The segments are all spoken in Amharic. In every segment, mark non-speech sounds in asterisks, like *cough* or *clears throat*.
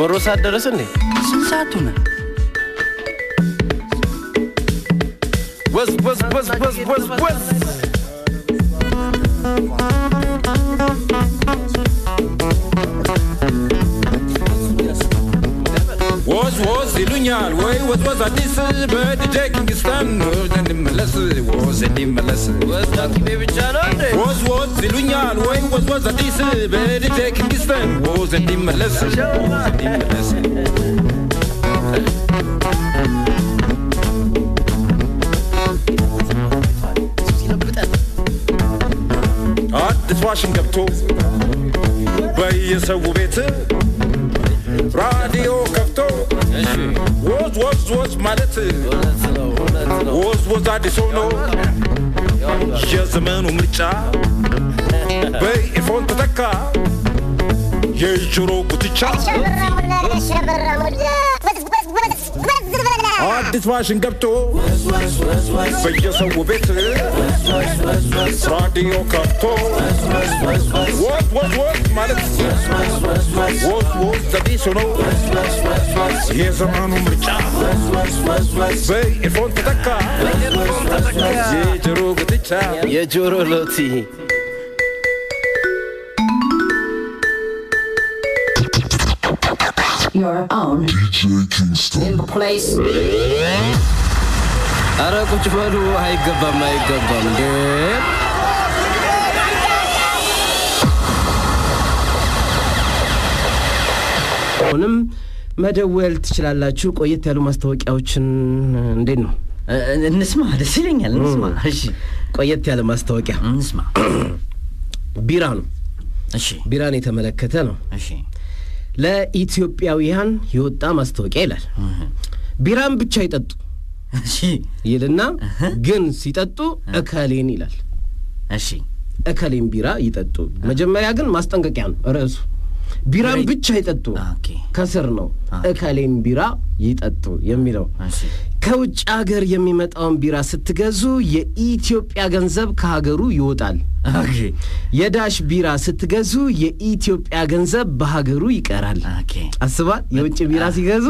ዶሮ ሰዓት ደረሰ እንዴ? ስንት ሰዓት ሆነ? ወዝ ወዝ ወዝ ወዝ ወዝ ወዝ وزوزي لونيال وي وزوز عديس بادي جاك نستنى جاني ملس وزني ملس وزنك بيبي جانودي وزوزي لونيال وي وزوز عديس بادي جاك نستنى وزني ملس وزني ملس አዲስ ዋሽን ገብቶ በየሰው ቤት ራዲዮ was, was, was my letter. Was, was I dishonored? Yes, a man only child. Bay in front of the car. Yes, you're all good to child. Hard dishwashing kapto Vijayasa ubete Radio kapto Work, work, work, malet Work, work, traditional Hier zaman om rica Zij in vond tataka Ye joro guticha Ye joro loti your own. DJ Kingston. In place. አረ ቁጭ በሉ። አይገባም፣ አይገባም እንዴ! አሁንም መደወል ትችላላችሁ። ቆየት ያሉ ማስታወቂያዎችን እንዴት ነው? እንስማ፣ ደስ ይለኛል። እንስማ። እሺ፣ ቆየት ያለ ማስታወቂያ እንስማ። ቢራ ነው። እሺ፣ ቢራን የተመለከተ ነው። እሺ ለኢትዮጵያውያን የወጣ ማስታወቂያ ይላል። ቢራን ብቻ ይጠጡ ይልና ግን ሲጠጡ እከሌን ይላል። እሺ እከሌን ቢራ ይጠጡ። መጀመሪያ ግን ማስጠንቀቂያ ነው ርዕሱ። ቢራን ብቻ ይጠጡ ከስር ነው እከሌን ቢራ ይጠጡ የሚለው ከውጭ ሀገር የሚመጣውን ቢራ ስትገዙ የኢትዮጵያ ገንዘብ ከሀገሩ ይወጣል። የዳሽ ቢራ ስትገዙ የኢትዮጵያ ገንዘብ በሀገሩ ይቀራል። አስባል የውጭ ቢራ ሲገዙ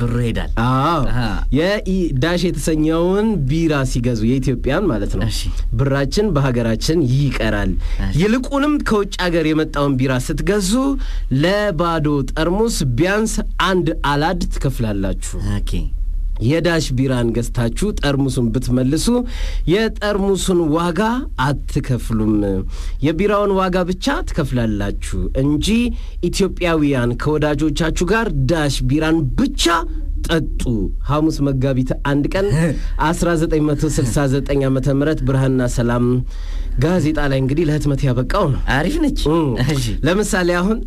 ብሩ ይሄዳል። የዳሽ የተሰኘውን ቢራ ሲገዙ የኢትዮጵያን ማለት ነው፣ ብራችን በሀገራችን ይቀራል። ይልቁንም ከውጭ ሀገር የመጣውን ቢራ ስትገዙ ለባዶ ጠርሙስ ቢያንስ አንድ አላድ ትከፍላላችሁ። የዳሽ ቢራን ገዝታችሁ ጠርሙሱን ብትመልሱ የጠርሙሱን ዋጋ አትከፍሉም። የቢራውን ዋጋ ብቻ ትከፍላላችሁ እንጂ ኢትዮጵያውያን ከወዳጆቻችሁ ጋር ዳሽ ቢራን ብቻ ጠጡ። ሐሙስ መጋቢት አንድ ቀን 1969 ዓ ም ብርሃንና ሰላም ጋዜጣ ላይ እንግዲህ ለህትመት ያበቃው ነው። አሪፍ ነች። ለምሳሌ አሁን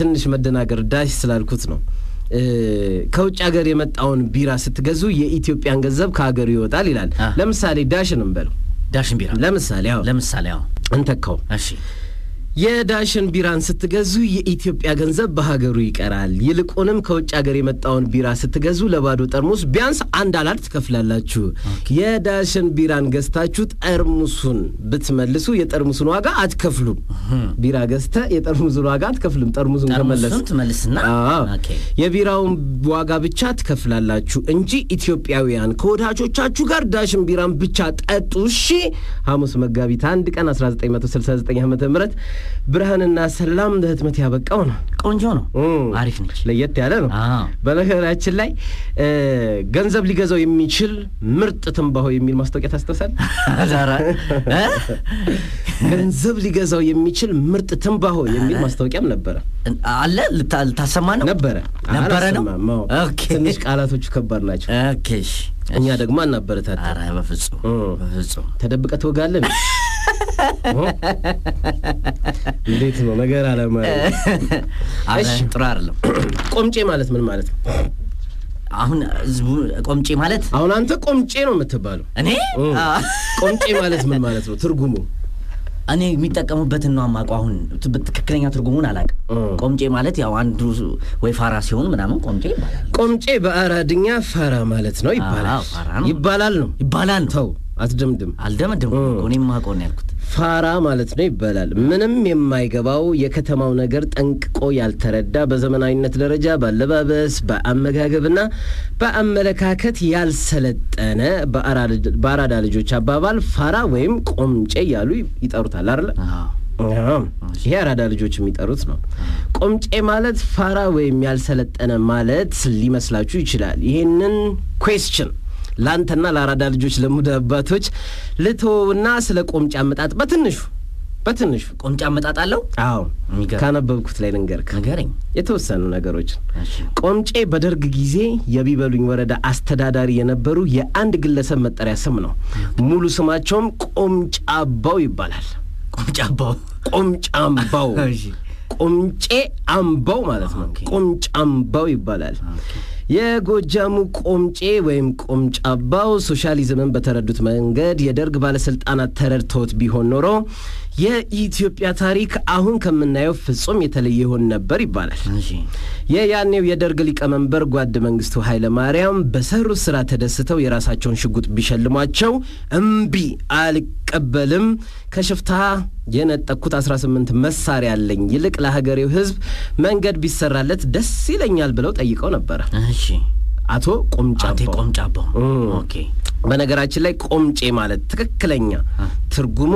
ትንሽ መደናገር ዳሽ ስላልኩት ነው። ከውጭ ሀገር የመጣውን ቢራ ስትገዙ የኢትዮጵያን ገንዘብ ከሀገሩ ይወጣል ይላል። ለምሳሌ ዳሽን እንበለው ዳሽን ቢራ ለምሳሌ ለምሳሌ እንተካው እሺ የዳሽን ቢራን ስትገዙ የኢትዮጵያ ገንዘብ በሀገሩ ይቀራል። ይልቁንም ከውጭ ሀገር የመጣውን ቢራ ስትገዙ ለባዶ ጠርሙስ ቢያንስ አንድ አላር ትከፍላላችሁ። የዳሽን ቢራን ገዝታችሁ ጠርሙሱን ብትመልሱ የጠርሙሱን ዋጋ አትከፍሉም። ቢራ ገዝተ የጠርሙሱን ዋጋ አትከፍሉም። ጠርሙሱን ከመለስ ትመልስና የቢራውን ዋጋ ብቻ ትከፍላላችሁ እንጂ ኢትዮጵያውያን ከወዳጆቻችሁ ጋር ዳሽን ቢራን ብቻ ጠጡ። እሺ ሐሙስ መጋቢት አንድ ቀን 1969 ዓ ም ብርሃንና ሰላም ለህትመት ያበቃው ነው። ቆንጆ ነው፣ አሪፍ ነች፣ ለየት ያለ ነው። በነገራችን ላይ ገንዘብ ሊገዛው የሚችል ምርጥ ትንባሆ የሚል ማስታወቂያ ታስተሳል። *laughs* ገንዘብ ሊገዛው የሚችል ምርጥ ትንባሆ የሚል ማስታወቂያም ነበረ አለ። ልታሰማ ነው ነበረ ነበረ ነው። ትንሽ ቃላቶቹ ከባድ ናቸው። እኛ ደግሞ አናበረታታ። በፍጹም በፍጹም። ተደብቀህ እንዴት ነው ነገር አለማ *laughs* ጥሩ አይደለም። *clears throat* ቆምጬ ማለት ምን ማለት ነው? አሁን ህዝቡ ቆምጬ ማለት አሁን አንተ ቆምጬ ነው የምትባለው። እኔ ቆምጬ ማለት ምን ማለት ነው ትርጉሙ? እኔ የሚጠቀሙበትን ነው አማቁ። አሁን ትክክለኛ ትርጉሙን አላውቅም። ቆምጬ ማለት ያው አንዱ ወይ ፋራ ሲሆን ምናምን ቆምጬ ይባላል። ቆምጬ በአራድኛ ፋራ ማለት ነው ይባላል ይባላል ነው ይባላል። ተው አትደምድም። አልደምድም። እኔ የማውቀውን ያልኩት ፋራ ማለት ነው ይባላል። ምንም የማይገባው የከተማው ነገር ጠንቅቆ ያልተረዳ በዘመናዊነት ደረጃ በአለባበስ በአመጋገብና በአመለካከት ያልሰለጠነ በአራዳ ልጆች አባባል ፋራ ወይም ቆምጬ እያሉ ይጠሩታል አይደለ? ይሄ አራዳ ልጆች የሚጠሩት ነው። ቆምጬ ማለት ፋራ ወይም ያልሰለጠነ ማለት ሊመስላችሁ ይችላል። ይህንን ኩዌስችን ለአንተና ለአራዳ ልጆች ለሙድ አባቶች ልተወውና ስለ ቆምጫ አመጣጥ በትንሹ በትንሹ ቆምጫ አመጣጥ አለው። አዎ ካነበብኩት ላይ ልንገርክ። ንገረኝ። የተወሰኑ ነገሮችን ቆምጬ በደርግ ጊዜ የቢበሉኝ ወረዳ አስተዳዳሪ የነበሩ የአንድ ግለሰብ መጠሪያ ስም ነው። ሙሉ ስማቸውም ቆምጫባው ይባላል። ቆምጫባው ቆምጫምባው ቆምጬ አምባው ማለት ነው። ቆምጫምባው ይባላል። የጎጃሙ ቆምጬ ወይም ቆምጫባው ሶሻሊዝምን በተረዱት መንገድ የደርግ ባለስልጣናት ተረድተውት ቢሆን ኖሮ የኢትዮጵያ ታሪክ አሁን ከምናየው ፍጹም የተለየ ይሆን ነበር ይባላል። የያኔው የደርግ ሊቀመንበር ጓድ መንግስቱ ኃይለ ማርያም በሰሩት ስራ ተደስተው የራሳቸውን ሽጉጥ ቢሸልሟቸው እምቢ አልቀበልም፣ ከሽፍታ የነጠኩት 18 መሳሪያ አለኝ፣ ይልቅ ለሀገሬው ህዝብ መንገድ ቢሰራለት ደስ ይለኛል ብለው ጠይቀው ነበረ። አቶ ቁምጫ ኦኬ በነገራችን ላይ ቆምጬ ማለት ትክክለኛ ትርጉሙ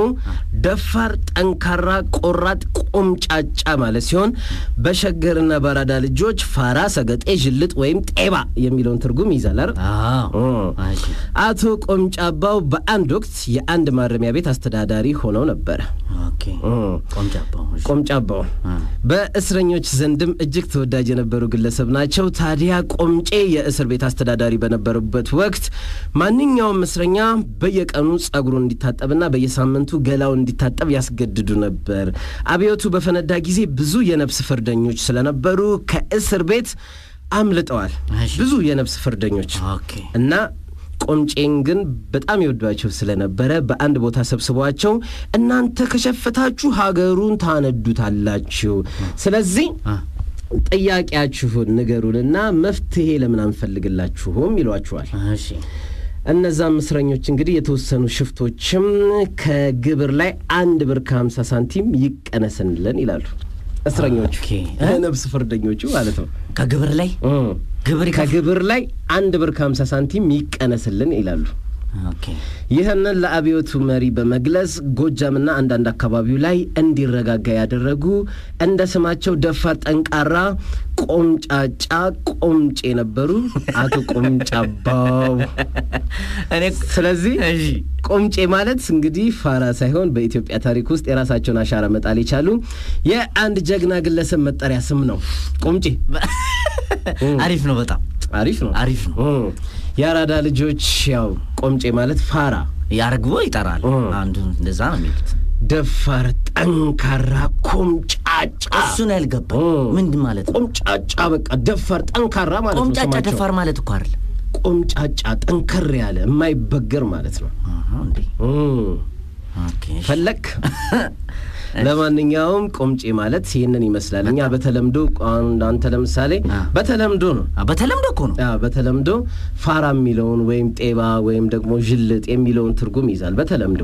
ደፋር፣ ጠንካራ፣ ቆራጥ፣ ቆምጫጫ ማለት ሲሆን በሸገርና በራዳ ልጆች ፋራ፣ ሰገጤ፣ ዥልጥ ወይም ጤባ የሚለውን ትርጉም ይይዛል። አቶ ቆምጫባው በአንድ ወቅት የአንድ ማረሚያ ቤት አስተዳዳሪ ሆነው ነበረ። ቆምጫባው በእስረኞች ዘንድም እጅግ ተወዳጅ የነበሩ ግለሰብ ናቸው። ታዲያ ቆምጬ የእስር ቤት አስተዳዳሪ በነበሩበት ወቅት ማንኛው ማንኛውም እስረኛ በየቀኑ ጸጉሩን እንዲታጠብና በየሳምንቱ ገላውን እንዲታጠብ ያስገድዱ ነበር። አብዮቱ በፈነዳ ጊዜ ብዙ የነፍስ ፍርደኞች ስለነበሩ ከእስር ቤት አምልጠዋል። ብዙ የነፍስ ፍርደኞች እና ቆምጬን ግን በጣም ይወዷቸው ስለነበረ በአንድ ቦታ ሰብስቧቸው እናንተ ከሸፈታችሁ ሀገሩን ታነዱታላችሁ፣ ስለዚህ ጥያቄያችሁን ንገሩንና መፍትሄ ለምን አንፈልግላችሁም ይሏችኋል። እነዛም እስረኞች እንግዲህ የተወሰኑ ሽፍቶችም ከግብር ላይ አንድ ብር ከሀምሳ ሳንቲም ይቀነስንልን ይላሉ። እስረኞቹ ነብስ ፍርደኞቹ ማለት ነው። ከግብር ላይ ግብር ከግብር ላይ አንድ ብር ከሀምሳ ሳንቲም ይቀነስልን ይላሉ። ይህንን ለአብዮቱ መሪ በመግለጽ ጎጃምና አንዳንድ አካባቢው ላይ እንዲረጋጋ ያደረጉ እንደ ስማቸው ደፋ፣ ጠንቃራ፣ ቆምጫጫ፣ ቆምጭ የነበሩ አቶ ቆምጫባው። ስለዚህ ቆምጬ ማለት እንግዲህ ፋራ ሳይሆን በኢትዮጵያ ታሪክ ውስጥ የራሳቸውን አሻራ መጣል የቻሉ የአንድ ጀግና ግለሰብ መጠሪያ ስም ነው። ቆምጬ *laughs* አሪፍ ነው። በጣም አሪፍ ነው። አሪፍ ነው። የአራዳ ልጆች ያው ቆምጬ ማለት ፋራ ያርግቦ ይጠራል። አንዱ እንደዛ ነው የሚሉት። ደፋር፣ ጠንካራ፣ ቆምጫጫ እሱን ያልገባኝ ምንድ ማለት ነው? ቆምጫጫ በቃ ደፋር፣ ጠንካራ ማለት ነው። ቆምጫጫ ደፋር ማለት እኮ አይደል? ቆምጫጫ ጠንከር ያለ የማይበገር ማለት ነው። ፈለክ *laughs* ለማንኛውም ቁምጪ ማለት ይህንን ይመስላል። እኛ በተለምዶ አንተ ለምሳሌ በተለምዶ ነው በተለምዶ እኮ ነው በተለምዶ ፋራ የሚለውን ወይም ጤባ ወይም ደግሞ ዥልጥ የሚለውን ትርጉም ይዛል በተለምዶ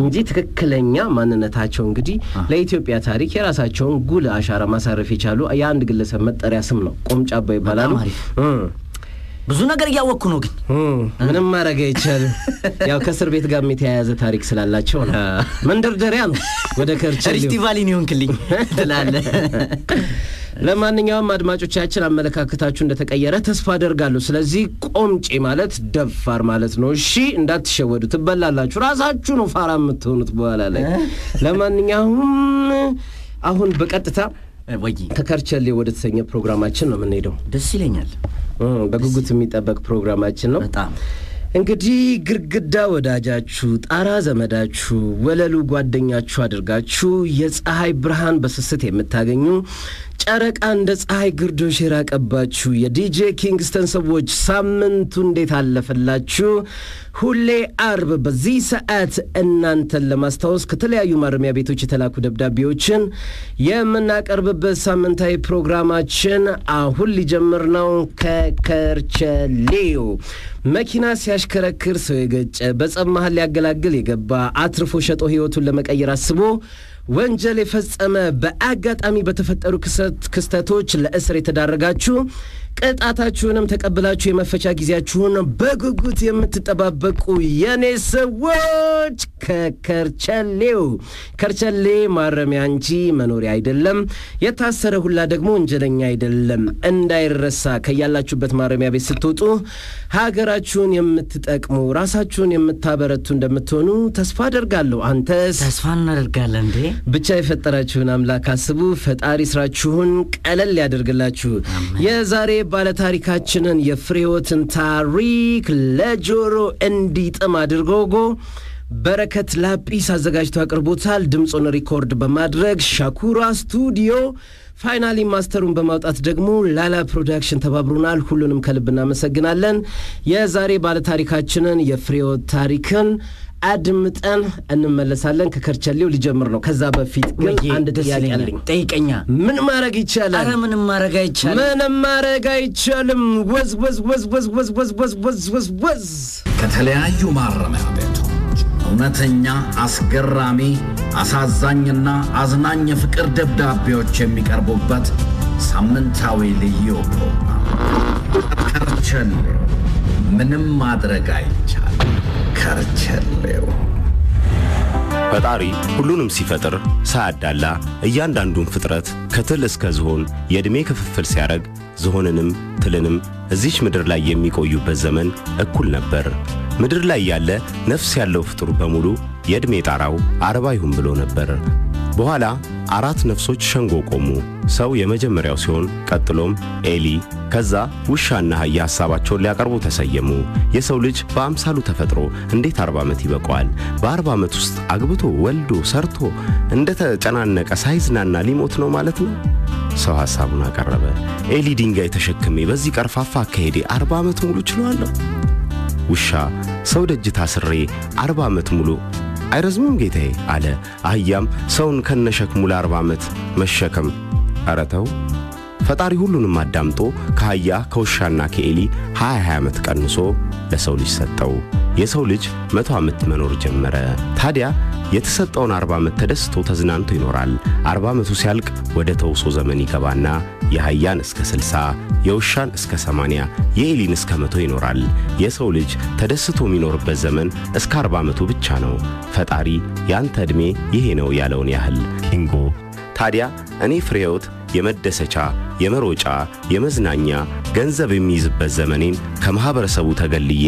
እንጂ ትክክለኛ ማንነታቸው እንግዲህ ለኢትዮጵያ ታሪክ የራሳቸውን ጉል አሻራ ማሳረፍ የቻሉ የአንድ ግለሰብ መጠሪያ ስም ነው። ቁምጫ አባ ይባላሉ። ብዙ ነገር እያወቅኩ ነው፣ ግን ምንም ማድረግ አይቻልም። *laughs* ያው ከእስር ቤት ጋር የተያያዘ ታሪክ ስላላቸው ነው። መንደርደሪያ ነው። ወደ ከርቸሪስቲቫሊን ይሆንክልኝ *laughs* ትላለ። ለማንኛውም አድማጮቻችን አመለካከታችሁ እንደተቀየረ ተስፋ አደርጋለሁ። ስለዚህ ቆምጬ ማለት ደፋር ማለት ነው። እሺ እንዳትሸወዱ፣ ትበላላችሁ። ራሳችሁ ነው ፋራ የምትሆኑት በኋላ ላይ። ለማንኛውም አሁን በቀጥታ ወይ ተከርቸሌ ወደ ተሰኘ ፕሮግራማችን ነው የምንሄደው። ደስ ይለኛል። በጉጉት የሚጠበቅ ፕሮግራማችን ነው። በጣም እንግዲህ ግርግዳ ወዳጃችሁ፣ ጣራ ዘመዳችሁ፣ ወለሉ ጓደኛችሁ አድርጋችሁ የፀሐይ ብርሃን በስስት የምታገኙ ጨረቃ እንደ ፀሐይ ግርዶሽ የራቀባችሁ የዲጄ ኪንግስተን ሰዎች ሳምንቱ እንዴት አለፈላችሁ? ሁሌ አርብ በዚህ ሰዓት እናንተን ለማስታወስ ከተለያዩ ማረሚያ ቤቶች የተላኩ ደብዳቤዎችን የምናቀርብበት ሳምንታዊ ፕሮግራማችን አሁን ሊጀምር ነው። ከከርቸሌዮ መኪና ሲያሽከረክር ሰው የገጨ፣ በጸብ መሀል ሊያገላግል የገባ አትርፎ ሸጦ ህይወቱን ለመቀየር አስቦ ወንጀል የፈጸመ በአጋጣሚ በተፈጠሩ ክስተቶች ለእስር የተዳረጋችሁ ቅጣታችሁንም ተቀብላችሁ የመፈቻ ጊዜያችሁን በጉጉት የምትጠባበቁ የኔ ሰዎች ከከርቸሌው ከርቸሌ ማረሚያ እንጂ መኖሪያ አይደለም። የታሰረ ሁላ ደግሞ ወንጀለኛ አይደለም። እንዳይረሳ ከያላችሁበት ማረሚያ ቤት ስትወጡ ሀገራችሁን የምትጠቅሙ ራሳችሁን የምታበረቱ እንደምትሆኑ ተስፋ አደርጋለሁ። አንተስ? ተስፋ እናደርጋለን። እንዴ ብቻ የፈጠራችሁን አምላክ አስቡ። ፈጣሪ ስራችሁን ቀለል ያደርግላችሁ። የዛሬ ባለታሪካችንን የፍሬወትን ታሪክ ለጆሮ እንዲጥም አድርጎጎ በረከት ላጲስ አዘጋጅቶ አቅርቦታል። ድምፁን ሪኮርድ በማድረግ ሻኩራ ስቱዲዮ ፋይናሊ ማስተሩን በማውጣት ደግሞ ላላ ፕሮዳክሽን ተባብሮናል። ሁሉንም ከልብ እናመሰግናለን። የዛሬ ባለታሪካችንን የፍሬወት ታሪክን አድምጠን እንመለሳለን። ከከርቸሌው ሊጀምር ነው። ከዛ በፊት ግን አንድ ጥያቄ አለኝ። ጠይቀኛ። ምን ማድረግ ይቻላል? አረ ምንም ማድረግ አይቻልም። ምንም ማድረግ አይቻልም። ወዝ ወዝ ወዝ ወዝ ወዝ ወዝ ወዝ ወዝ ወዝ ወዝ ከተለያዩ ማረሚያ ቤቶች እውነተኛ አስገራሚ፣ አሳዛኝና አዝናኝ የፍቅር ደብዳቤዎች የሚቀርቡበት ሳምንታዊ ልዩ ፕሮግራም ከርቸሌው ምንም ማድረግ አይቻልም። ፈጣሪ ሁሉንም ሲፈጥር ሳያዳላ እያንዳንዱን ፍጥረት ከትል እስከ ዝሆን የዕድሜ ክፍፍል ሲያደርግ ዝሆንንም ትልንም እዚች ምድር ላይ የሚቆዩበት ዘመን እኩል ነበር። ምድር ላይ ያለ ነፍስ ያለው ፍጡር በሙሉ የዕድሜ ጣራው አርባ ይሁን ብሎ ነበር። በኋላ አራት ነፍሶች ሸንጎ ቆሙ። ሰው የመጀመሪያው ሲሆን ቀጥሎም ኤሊ፣ ከዛ ውሻና አህያ ሐሳባቸውን ሊያቀርቡ ተሰየሙ። የሰው ልጅ በአምሳሉ ተፈጥሮ እንዴት አርባ ዓመት ይበቋል? በአርባ ዓመት ውስጥ አግብቶ ወልዶ ሰርቶ እንደተጨናነቀ ሳይዝናና ሊሞት ነው ማለት ነው። ሰው ሐሳቡን አቀረበ። ኤሊ ድንጋይ ተሸክሜ በዚህ ቀርፋፋ አካሄዴ አርባ ዓመት ሙሉ ችለዋለሁ። ውሻ ሰው ደጅ ታስሬ አርባ ዓመት ሙሉ አይረዝምም ጌታዬ አለ። አህያም ሰውን ከነሸክሙ ለአርባ ዓመት መሸከም አረተው ፈጣሪ ሁሉንም አዳምጦ ከአህያ ከውሻና ከኤሊ 20 20 ዓመት ቀንሶ ለሰው ልጅ ሰጠው። የሰው ልጅ መቶ ዓመት መኖር ጀመረ። ታዲያ የተሰጠውን አርባ ዓመት ተደስቶ ተዝናንቶ ይኖራል። አርባ ዓመቱ ሲያልቅ ወደ ተውሶ ዘመን ይገባና የአህያን እስከ ስልሳ የውሻን እስከ ሰማንያ የኤሊን እስከ መቶ ይኖራል። የሰው ልጅ ተደስቶ የሚኖርበት ዘመን እስከ አርባ ዓመቱ ብቻ ነው። ፈጣሪ ያንተ ዕድሜ ይሄ ነው ያለውን ያህል ኢንጎ ታዲያ እኔ ፍሬ የመደሰቻ የመሮጫ የመዝናኛ ገንዘብ የሚይዝበት ዘመኔን ከማኅበረሰቡ ተገልዬ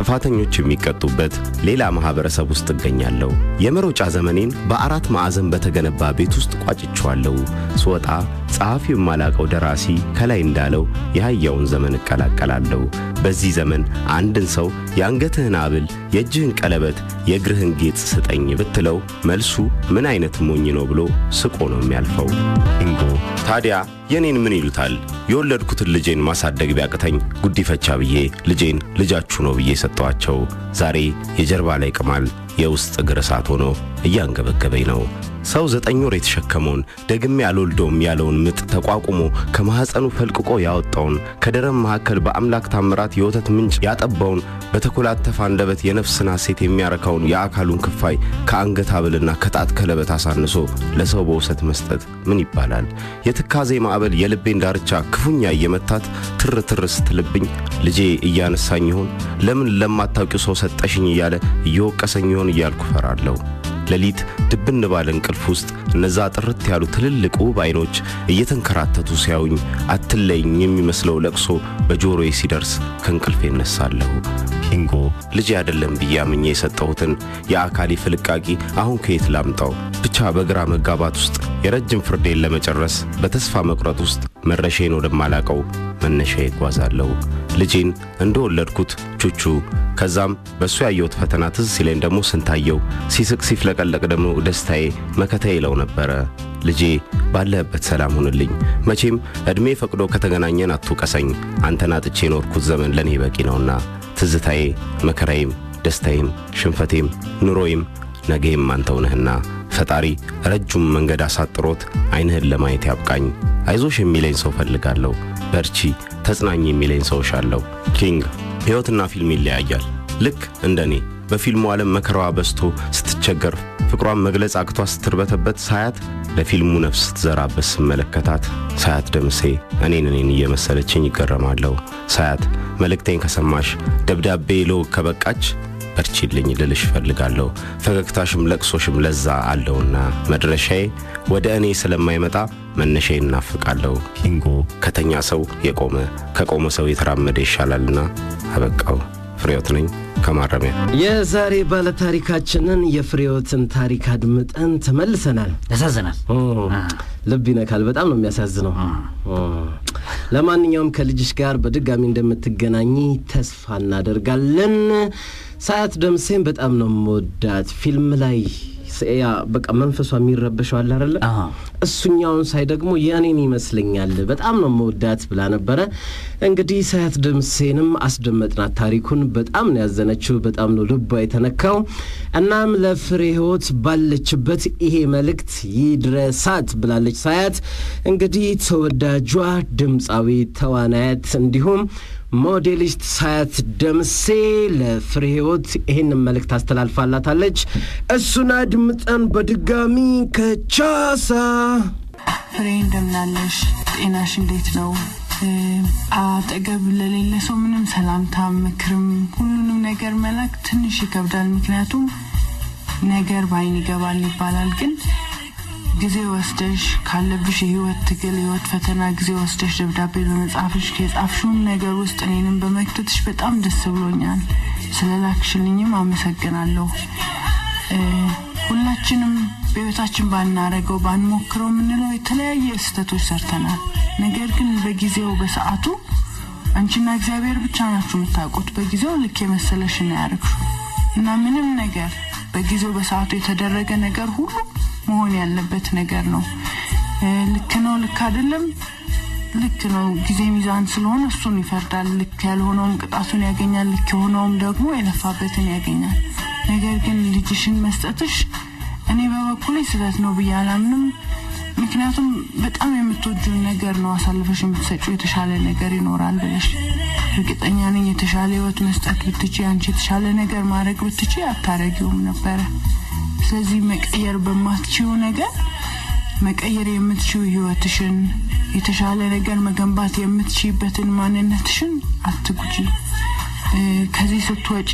ጥፋተኞች የሚቀጡበት ሌላ ማህበረሰብ ውስጥ እገኛለሁ። የመሮጫ ዘመኔን በአራት ማዕዘን በተገነባ ቤት ውስጥ ቋጭቸዋለሁ። ስወጣ ጸሐፊ የማላቀው ደራሲ ከላይ እንዳለው የአህያውን ዘመን እቀላቀላለሁ። በዚህ ዘመን አንድን ሰው የአንገትህን አብል፣ የእጅህን ቀለበት፣ የእግርህን ጌጥ ስጠኝ ብትለው መልሱ ምን አይነት ሞኝ ነው ብሎ ስቆ ነው የሚያልፈው። ኢንጎ ታዲያ የኔን ምን ይሉታል? የወለድኩትን ልጄን ማሳደግ ቢያቅተኝ ጉዲፈቻ ብዬ ልጄን ልጃችሁ ነው ብዬ ሰጠኋቸው። ዛሬ የጀርባ ላይ ቅማል የውስጥ እግር እሳት ሆኖ እያንገበገበኝ ነው። ሰው ዘጠኝ ወር የተሸከመውን ደግሜ አልወልደውም ያለውን ምጥ ተቋቁሞ ከማህፀኑ ፈልቅቆ ያወጣውን ከደረም መካከል በአምላክ ታምራት የወተት ምንጭ ያጠባውን በተኮላተፈ አንደበት የነፍስን ሐሴት የሚያረካውን የአካሉን ክፋይ ከአንገት ሐብልና ከጣት ከለበት አሳንሶ ለሰው በውሰት መስጠት ምን ይባላል? የትካዜ ማዕበል የልቤን ዳርቻ ክፉኛ እየመታት ትር ትር ስትልብኝ ልጄ እያነሳኝ ይሆን ለምን ለማታውቂው ሰው ሰጠሽኝ እያለ እየወቀሰኝ ይሆን እያልኩ ፈራለሁ። ሌሊት ድብን ባለ እንቅልፍ ውስጥ እነዛ ጥርት ያሉ ትልልቅ ውብ አይኖች እየተንከራተቱ ሲያዩኝ አትለይኝ የሚመስለው ለቅሶ በጆሮዬ ሲደርስ ከእንቅልፌ እነሳለሁ። ሂንጎ ልጅ አይደለም ብዬ አምኜ የሰጠሁትን የአካሊ ፍልቃቂ አሁን ከየት ላምጣው? ብቻ በግራ መጋባት ውስጥ የረጅም ፍርዴን ለመጨረስ በተስፋ መቁረጥ ውስጥ መረሼን ወደማላቀው መነሻ ይጓዛለሁ። ልጄን እንደወለድኩት ቹቹ፣ ከዛም በእሱ ያየሁት ፈተና ትዝ ሲለኝ ደግሞ ስንታየው፣ ሲስቅ ሲፍለቀለቅ ደግሞ ደስታዬ መከታ ይለው ነበረ። ልጄ ባለህበት ሰላም ሁንልኝ። መቼም ዕድሜ ፈቅዶ ከተገናኘን አትውቀሰኝ። አንተን አጥቼ የኖርኩት ዘመን ለእኔ በቂ ነውና ትዝታዬ፣ መከራዬም፣ ደስታዬም፣ ሽንፈቴም፣ ኑሮዬም ነገዬም አንተው ነህና ፈጣሪ ረጅም መንገድ አሳጥሮት ዓይንህን ለማየት ያብቃኝ። አይዞሽ የሚለኝ ሰው ፈልጋለሁ። በርቺ፣ ተጽናኝ የሚለኝ ሰዎች አለው። ኪንግ ሕይወትና ፊልም ይለያያል። ልክ እንደ እኔ በፊልሙ ዓለም መከራዋ በዝቶ ስትቸገር ፍቅሯን መግለጽ አቅቷ ስትርበተበት ሳያት ለፊልሙ ነፍስ ስትዘራበት ስመለከታት ሳያት ደምሴ እኔን እኔን እየመሰለችኝ ይገረማለሁ። ሳያት መልእክቴን ከሰማሽ ደብዳቤ ልውክ ከበቃች በርቺልኝ ልልሽ ፈልጋለሁ። ፈገግታሽም ለቅሶሽም ለዛ አለውና መድረሻዬ ወደ እኔ ስለማይመጣ መነሻዬ እናፍቃለሁ። ሂንጎ ከተኛ ሰው የቆመ ከቆመ ሰው የተራመደ ይሻላልና አበቃው። ፍሬዎት ነኝ ከማረሚያ። የዛሬ ባለታሪካችንን የፍሬዎትን ታሪክ አድምጠን ተመልሰናል። ያሳዝናል፣ ልብ ይነካል። በጣም ነው የሚያሳዝነው። ለማንኛውም ከልጅሽ ጋር በድጋሚ እንደምትገናኝ ተስፋ እናደርጋለን። ሳያት ደምሴን በጣም ነው የምወዳት ፊልም ላይ ያ በቃ መንፈሷ የሚረበሸው አለ አይደለ እሱኛውን ሳይ ደግሞ የእኔን ይመስለኛል በጣም ነው መወዳት ብላ ነበረ። እንግዲህ ሳያት ደምሴንም አስደመጥናት። ታሪኩን በጣም ነው ያዘነችው፣ በጣም ነው ልቧ የተነካው። እናም ለፍሬ ህይወት ባለችበት ይሄ መልእክት ይድረሳት ብላለች ሳያት። እንግዲህ ተወዳጇ ድምፃዊ ተዋናያት እንዲሁም ሞዴሊስት ሳያት ደምሴ ለፍሬ ህይወት ይህን መልእክት አስተላልፋላታለች። እሱን አድምጠን በድጋሚ ከቻሳ ፍሬ እንደምናለሽ? ጤናሽ እንዴት ነው? አጠገብ ለሌለ ሰው ምንም ሰላምታ፣ ምክርም ሁሉንም ነገር መላክ ትንሽ ይከብዳል። ምክንያቱም ነገር በአይን ይገባል ይባላል። ግን ጊዜ ወስደሽ ካለብሽ የህይወት ትግል፣ ህይወት ፈተና ጊዜ ወስደሽ ደብዳቤ በመጽሐፍሽ የጻፍሽውን ነገር ውስጥ እኔንም በመክተትሽ በጣም ደስ ብሎኛል። ስለላክሽልኝም አመሰግናለሁ። ሁላችንም በህይወታችን ባናረገው ባንሞክረው የምንለው የተለያየ ስህተቶች ሰርተናል። ነገር ግን በጊዜው በሰዓቱ አንቺና እግዚአብሔር ብቻ ናችሁ የምታውቁት። በጊዜው ልክ የመሰለሽ ነው እና ምንም ነገር በጊዜው በሰዓቱ የተደረገ ነገር ሁሉ መሆን ያለበት ነገር ነው። ልክ ነው፣ ልክ አይደለም፣ ልክ ነው። ጊዜ ሚዛን ስለሆነ እሱን ይፈርዳል። ልክ ያልሆነውም ቅጣቱን ያገኛል፣ ልክ የሆነውም ደግሞ የለፋበትን ያገኛል። ነገር ግን ልጅሽን መስጠትሽ እኔ በበኩሌ ስህተት ነው ብዬ አላምንም። ምክንያቱም በጣም የምትወጁን ነገር ነው አሳልፈሽ የምትሰጩ የተሻለ ነገር ይኖራል ብለሽ እርግጠኛ ነኝ። የተሻለ ህይወት መስጠት ብትች፣ አንቺ የተሻለ ነገር ማድረግ ብትች፣ አታረጊውም ነበረ። ስለዚህ መቀየር በማትችው ነገር መቀየር የምትችው ህይወትሽን የተሻለ ነገር መገንባት የምትችይበትን ማንነትሽን አትጉጂ። ከዚህ ስትወጪ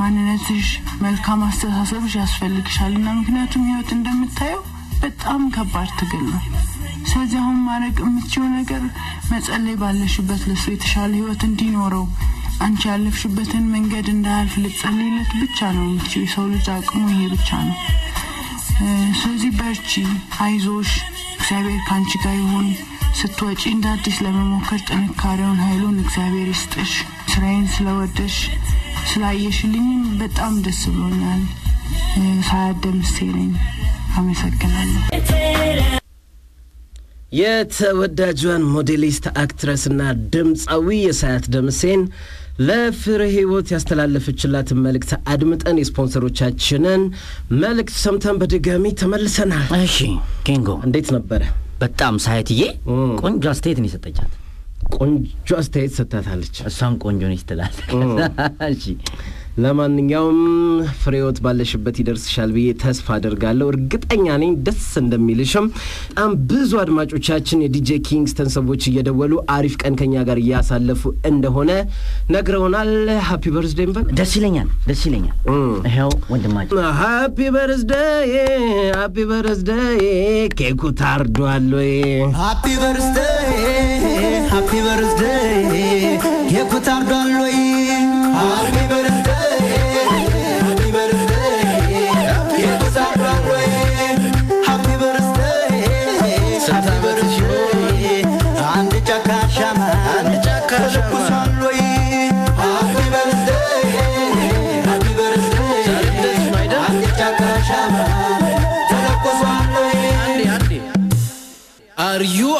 ማንነትሽ፣ መልካም አስተሳሰብሽ ያስፈልግሻል እና ምክንያቱም ህይወት እንደምታየው በጣም ከባድ ትግል ነው። ስለዚህ አሁን ማድረግ የምትችው ነገር መጸለይ ባለሽበት ለሱ የተሻለ ህይወት እንዲኖረው አንቺ ያለፍሽበትን መንገድ እንዳያልፍ ልጸልይለት ብቻ ነው የምትችው። የሰው ልጅ አቅሙ ይሄ ብቻ ነው። ስለዚህ በርቺ፣ አይዞሽ፣ እግዚአብሔር ከአንቺ ጋር ይሁን። ስትወጪ እንደ አዲስ ለመሞከር ጥንካሬውን፣ ኃይሉን እግዚአብሔር ይስጥሽ። ስራዬን ስለወደሽ ስላየሽልኝም በጣም ደስ ብሎኛል። ሳያት ደምሴ ነኝ። አመሰግናለሁ። የተወዳጇን ሞዴሊስት አክትረስና ድምፃዊ የሳያት ደምሴን ለፍሬ ህይወት ያስተላለፈችላትን መልእክት አድምጠን የስፖንሰሮቻችንን መልእክት ሰምተን በድጋሚ ተመልሰናል። እሺ ኪንጎ እንዴት ነበረ? በጣም ሳያትዬ ቆንጆ አስተያየት ነው የሰጠቻት። ቆንጆ አስተያየት ሰጥታታለች። እሷም ቆንጆ ነች ትላለች። ለማንኛውም ፍሬዎት ባለሽበት ይደርስሻል ብዬ ተስፋ አደርጋለሁ። እርግጠኛ ነኝ ደስ እንደሚልሽም። በጣም ብዙ አድማጮቻችን የዲጄ ኪንግስተን ሰዎች እየደወሉ አሪፍ ቀን ከኛ ጋር እያሳለፉ እንደሆነ ነግረውናል። ሃፒ በርዝዴ እንበል። ደስ ይለኛል፣ ደስ ይለኛል። ይኸው ወንድማችን ሃፒ በርዝዴ፣ ሃፒ በርዝዴ። ኬኩ ታርዷል ወይ? ሃፒ በርዝዴ፣ ሃፒ በርዝዴ። ኬኩ ታርዷል ወይ? ሃፒ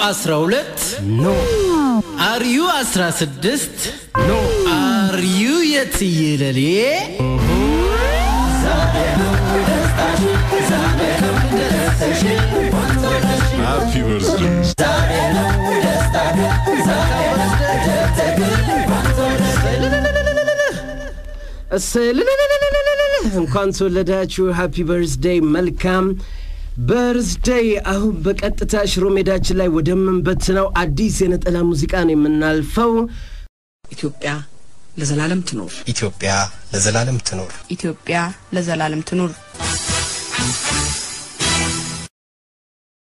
12 ኖ አርዩ 16 ኖ አርዩ የትዬ ሌሌ ሃፒ እንኳን ተወለዳችሁ። ሃፒ በርዝዴይ መልካም በርዝደይ አሁን በቀጥታ ሽሮ ሜዳችን ላይ ወደምንበትነው አዲስ የነጠላ ሙዚቃ ነው የምናልፈው። ኢትዮጵያ ለዘላለም ትኖር! ኢትዮጵያ ለዘላለም ትኖር! ኢትዮጵያ ለዘላለም ትኖር!